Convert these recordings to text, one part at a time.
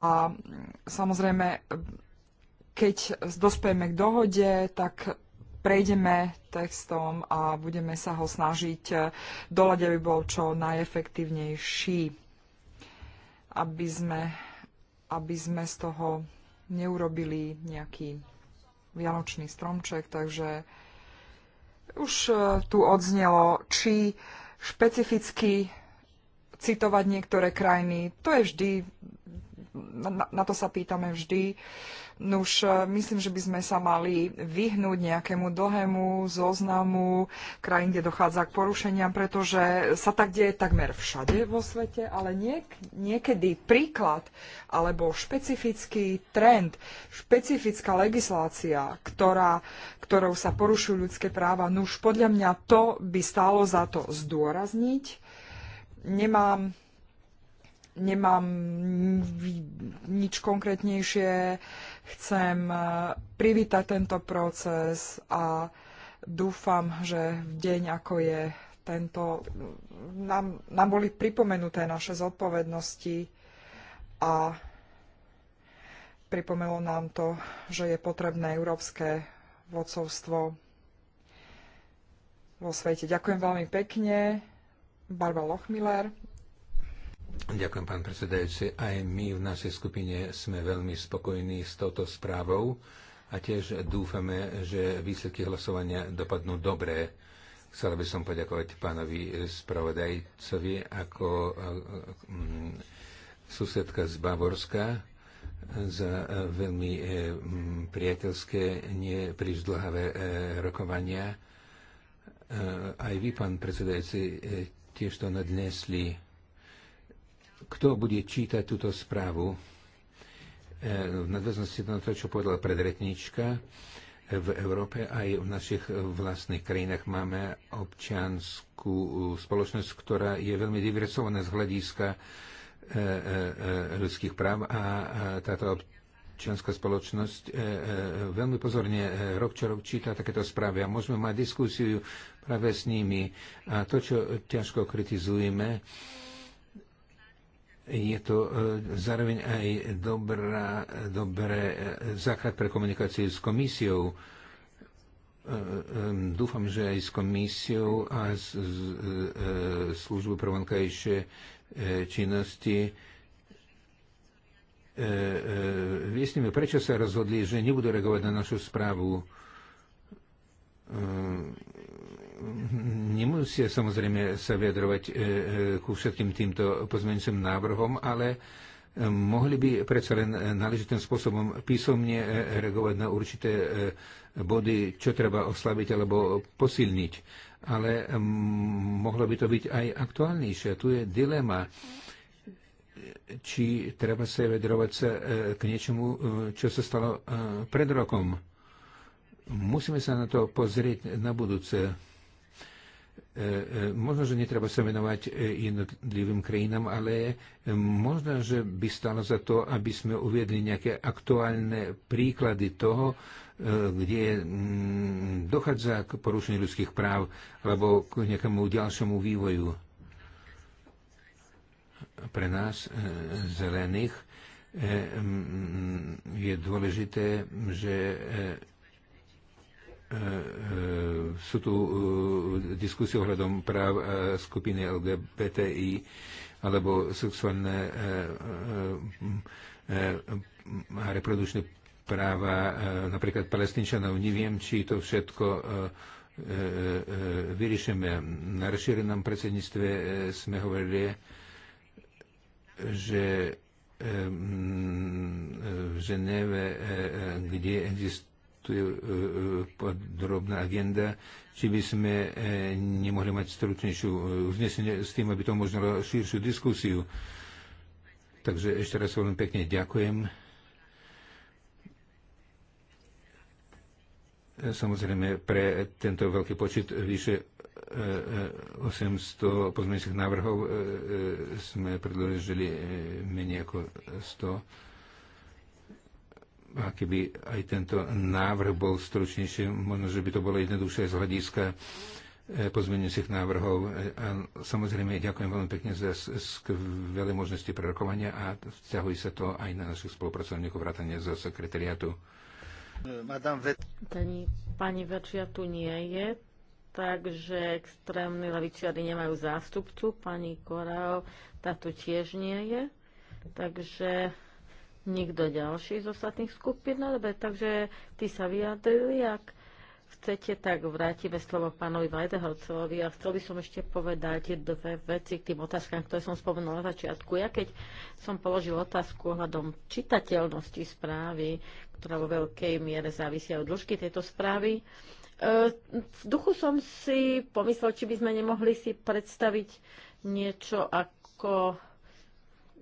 A mm, samozrejme, keď dospejeme k dohode, tak prejdeme textom a budeme sa ho snažiť e, doľať, aby bol čo najefektívnejší, aby sme, aby sme z toho neurobili nejaký vianočný stromček, takže už e, tu odznelo, či špecificky citovať niektoré krajiny, to je vždy na, na to sa pýtame vždy. No už e, myslím, že by sme sa mali vyhnúť nejakému dlhému zoznamu krajín, kde dochádza k porušeniam, pretože sa tak deje takmer všade vo svete, ale niek- niekedy príklad alebo špecifický trend, špecifická legislácia, ktorá, ktorou sa porušujú ľudské práva, no už podľa mňa to by stálo za to zdôrazniť. Nemám nemám nič konkrétnejšie. Chcem eh, privítať tento proces a dúfam, že v deň, ako je tento, nám, nám boli pripomenuté naše zodpovednosti a pripomenulo nám to, že je potrebné európske vodcovstvo vo svete. Ďakujem veľmi pekne. Barba Lochmiller. Ďakujem, pán predsedajúci. Aj my v našej skupine sme veľmi spokojní s touto správou a tiež dúfame, že výsledky hlasovania dopadnú dobré. Chcel by som poďakovať pánovi spravodajcovi ako eh, mm, susedka z Bavorska za eh, veľmi eh, priateľské, nie príliš dlhavé rokovania. Aj vy, pán predsedajúci, tiež to nadnesli kto bude čítať túto správu? Eh, v nadväznosti na to, čo povedala predretnička, eh, v Európe aj v našich eh, vlastných krajinách máme občianskú spoločnosť, ktorá je veľmi diversovaná z hľadiska ľudských práv a táto občianská spoločnosť veľmi pozorne rok čo rok číta takéto správy a môžeme mať diskusiu práve s nimi. A to, čo ťažko kritizujeme, je to e, zároveň aj dobrá, dobré e, základ pre komunikáciu s komisiou. E, dúfam, že aj s komisiou a s s, s službou pre vonkajšie činnosti vyjasníme, prečo sa rozhodli, že nebudú reagovať na našu správu nemusia samozrejme sa vyjadrovať e, e, ku všetkým týmto pozmeňujúcim návrhom, ale e, mohli by predsa len náležitým spôsobom písomne reagovať na určité body, čo treba oslabiť alebo posilniť. Ale mohlo by to byť aj aktuálnejšie. Tu je dilema, či treba sa vedrovať sa k niečomu, čo sa stalo pred rokom. Musíme sa na to pozrieť na budúce E, e, možno, že netreba sa venovať e, jednotlivým krajinám, ale možno, že by stalo za to, aby sme uviedli nejaké aktuálne príklady toho, kde mm, dochádza k porušeniu ľudských práv alebo k nejakému ďalšiemu vývoju. Pre nás, zelených, je dôležité, že E, e, sú tu e, diskusie ohľadom práv skupiny LGBTI alebo sexuálne a reprodučné práva napríklad palestinčanov. Neviem, či to všetko vyriešime. Na rozšírenom predsedníctve sme hovorili, že v Ženeve, kde existuje je e, e, podrobná agenda, či by sme e, nemohli mať stručnejšiu uznesenie s tým, aby to možno širšiu diskusiu. Takže ešte raz veľmi pekne ďakujem. Samozrejme, pre tento veľký počet vyše 800 pozmeňujúcich návrhov sme predložili menej ako 100 a keby aj tento návrh bol stručnejší, možno, že by to bolo jednoduchšie z hľadiska e, pozmeňujúcich návrhov. E, a samozrejme, ďakujem veľmi pekne za skvelé možnosti prerokovania a vzťahuje sa to aj na našich spolupracovníkov vrátane zo sekretariátu. Pani, pani Večia tu nie je, takže extrémni levičiari nemajú zástupcu. Pani Korao, tá tu tiež nie je. Takže Nikto ďalší z ostatných skupín, dobre, takže ty sa vyjadrili, ak chcete, tak vrátime slovo pánovi Vajdehovcovi a chcel by som ešte povedať dve veci k tým otázkam, ktoré som spomenula na začiatku. Ja keď som položil otázku ohľadom čitateľnosti správy, ktorá vo veľkej miere závisia od dĺžky tejto správy, e, v duchu som si pomyslel, či by sme nemohli si predstaviť niečo ako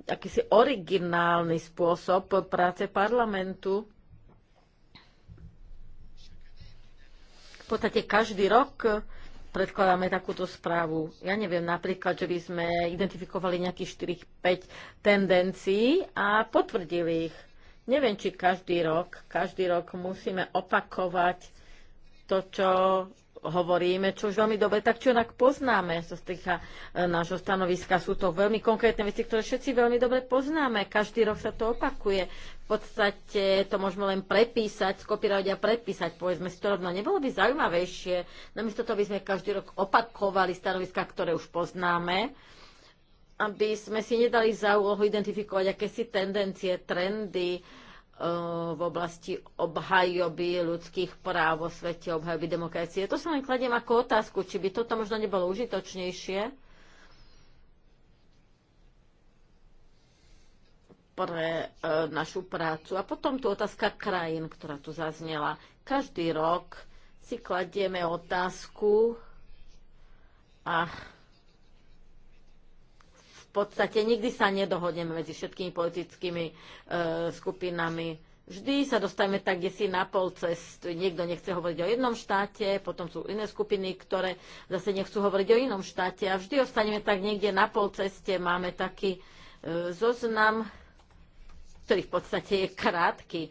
akýsi originálny spôsob práce parlamentu. V podstate každý rok predkladáme takúto správu. Ja neviem napríklad, že by sme identifikovali nejakých 4-5 tendencií a potvrdili ich. Neviem, či každý rok, každý rok musíme opakovať to, čo hovoríme, čo už veľmi dobre, tak čo inak poznáme zo stricha e, nášho stanoviska. Sú to veľmi konkrétne veci, ktoré všetci veľmi dobre poznáme. Každý rok sa to opakuje. V podstate to môžeme len prepísať, skopírovať a prepísať. Povedzme si to rovno. Nebolo by zaujímavejšie, namiesto toho by sme každý rok opakovali stanoviska, ktoré už poznáme, aby sme si nedali za úlohu identifikovať akési tendencie, trendy, Eh, v oblasti obhajoby ľudských práv vo svete, obhajoby demokracie. To sa len kladiem ako otázku, či by toto možno nebolo užitočnejšie pre e, našu prácu. A potom tu otázka krajín, ktorá tu zaznela. Každý rok si kladieme otázku a podstate nikdy sa nedohodneme medzi všetkými politickými e, skupinami. Vždy sa dostaneme tak, kde si na pol cest. Niekto nechce hovoriť o jednom štáte, potom sú iné skupiny, ktoré zase nechcú hovoriť o inom štáte a vždy ostaneme tak niekde na pol ceste. Máme taký e, zoznam, ktorý v podstate je krátky. E,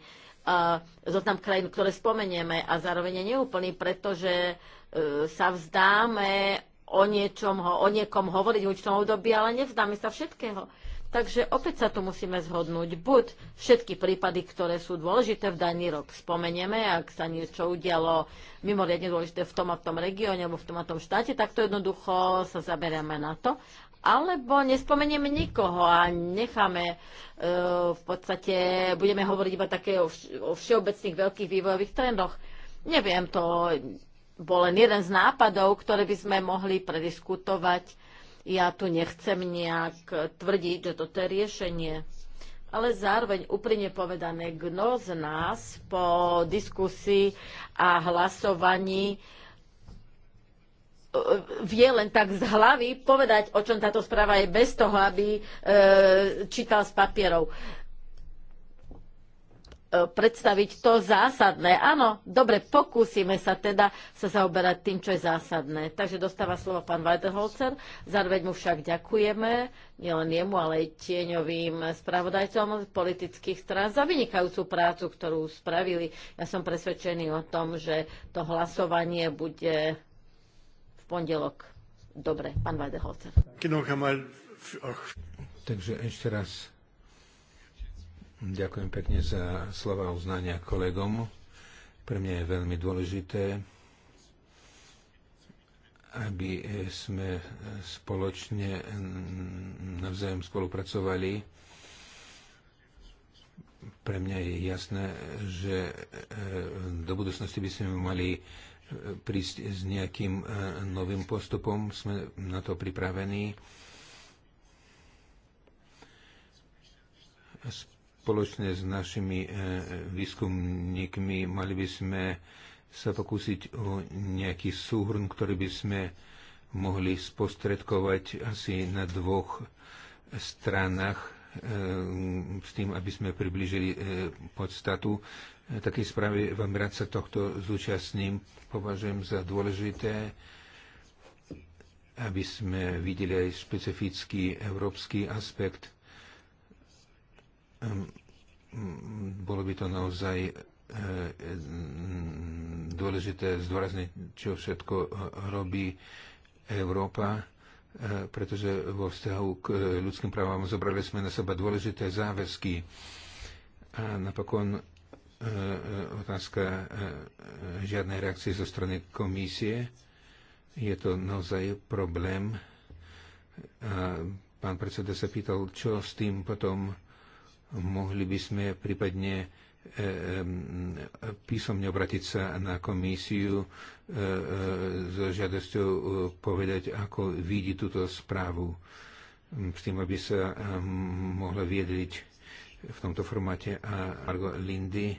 zoznam krajín, ktoré spomenieme a zároveň je neúplný, pretože e, sa vzdáme o niečom, o niekom hovoriť v určitom období, ale nevzdáme sa všetkého. Takže opäť sa tu musíme zhodnúť. Buď všetky prípady, ktoré sú dôležité v daný rok spomenieme, ak sa niečo udialo mimoriadne dôležité v tom a v tom regióne alebo v tom a tom štáte, tak to jednoducho sa zaberieme na to. Alebo nespomenieme nikoho a necháme e, v podstate, budeme hovoriť iba také o, vš- o všeobecných veľkých vývojových trendoch. Neviem, to bol len jeden z nápadov, ktoré by sme mohli prediskutovať. Ja tu nechcem nejak tvrdiť, že toto je riešenie. Ale zároveň úprimne povedané, kto z nás po diskusii a hlasovaní e, vie len tak z hlavy povedať, o čom táto správa je, bez toho, aby e, čítal z papierov. E, predstaviť to zásadné. Áno, dobre, pokúsime sa teda sa zaoberať tým, čo je zásadné. Takže dostáva slovo pán Weiderholzer. Zároveň mu však ďakujeme, nielen jemu, ale aj tieňovým spravodajcom politických strán za vynikajúcu prácu, ktorú spravili. Ja som presvedčený o tom, že to hlasovanie bude v pondelok. Dobre, pán Weiderholzer. Takže ešte raz Ďakujem pekne za slova uznania kolegom. Pre mňa je veľmi dôležité, aby sme spoločne navzájom spolupracovali. Pre mňa je jasné, že e, do budúcnosti by sme mali e, prísť s nejakým e, novým postupom. Sme na to pripravení spoločne s našimi e, výskumníkmi mali by sme sa pokúsiť o nejaký súhrn, ktorý by sme mohli spostredkovať asi na dvoch stranách e, s tým, aby sme približili e, podstatu Také správy. Vám rád sa tohto zúčastním. Považujem za dôležité, aby sme videli aj špecifický európsky aspekt bolo by to naozaj e, e, dôležité zdôrazniť, čo všetko robí Európa, e, pretože vo vzťahu k ľudským právam zobrali sme na seba dôležité záväzky. A napokon otázka žiadnej reakcie zo strany komisie. Je to naozaj problém. A pán predseda sa pýtal, čo s tým potom Mohli by sme prípadne e, e, písomne obratiť sa na komisiu e, so žiadosťou povedať, ako vidí túto správu, mm, s tým, aby sa mohla viedliť v tomto formáte. A Margo Lindy,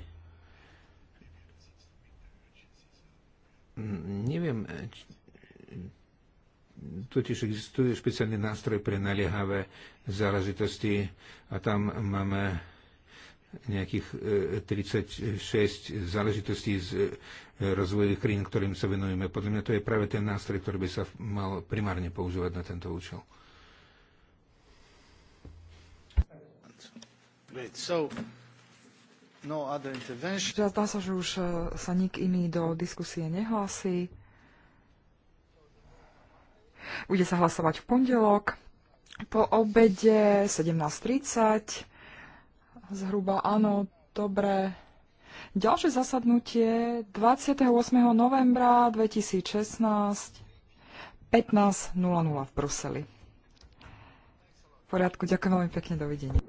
mm, neviem, totiž existuje špeciálny nástroj pre naliehavé záležitosti a tam máme nejakých 36 e, záležitostí z e, rozvoju krín, ktorým sa venujeme. Podľa mňa to je práve ten nástroj, ktorý by sa mal primárne používať na tento účel. No Zdá sa, že už e, sa nik iný do diskusie nehlási. Bude sa hlasovať v pondelok po obede 17.30. Zhruba áno, dobre. Ďalšie zasadnutie 28. novembra 2016 15.00 v Bruseli. V poriadku, ďakujem veľmi pekne, dovidenia.